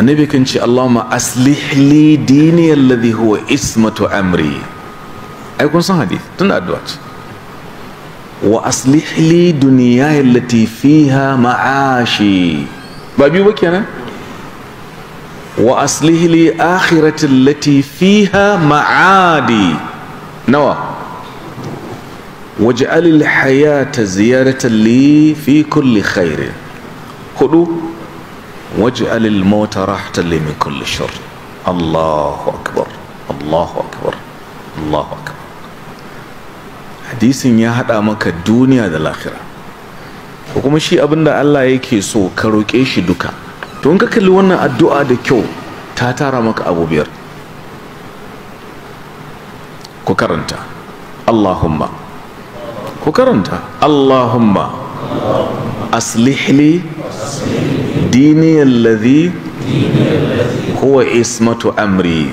annabi kan ce Allahumma aslih li dini alladhi huwa ismatu amri ai kun san hadith tun addu'a ce wa aslih li dunyaya allati fiha ma'ashi ba biyu ba kenan wa aslih li akhirati allati fiha ma'adi nawa waj'al al hayata ziyaratan li fi kulli khairin hudu واجعل الموت راحة لي من كل شر الله أكبر الله أكبر الله أكبر hadisin ya haɗa maka duniya da lahira kuma shi abinda Allah yake so ka roƙe shi duka to in ka kalli wannan addu'a da kyau ta tara maka abu biyar ku karanta Allahumma ku karanta Allahumma ديني الذي هو اسمة أمري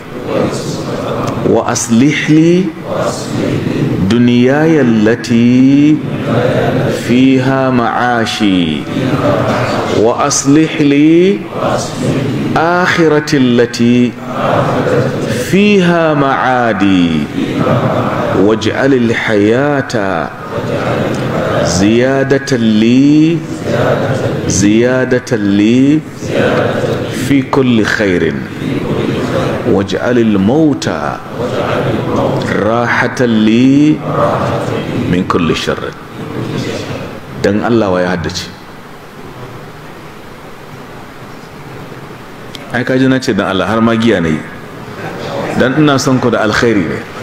وأصلح لي دنياي التي فيها معاشي وأصلح لي آخرتي التي فيها معادي واجعل الحياة زيادة لي زيادة لي في كل خير واجعل الموت راحة لي من كل شر دن الله ويهدش ai kaji na ce da Allah har ma giya ne dan ina son ku da alkhairi ne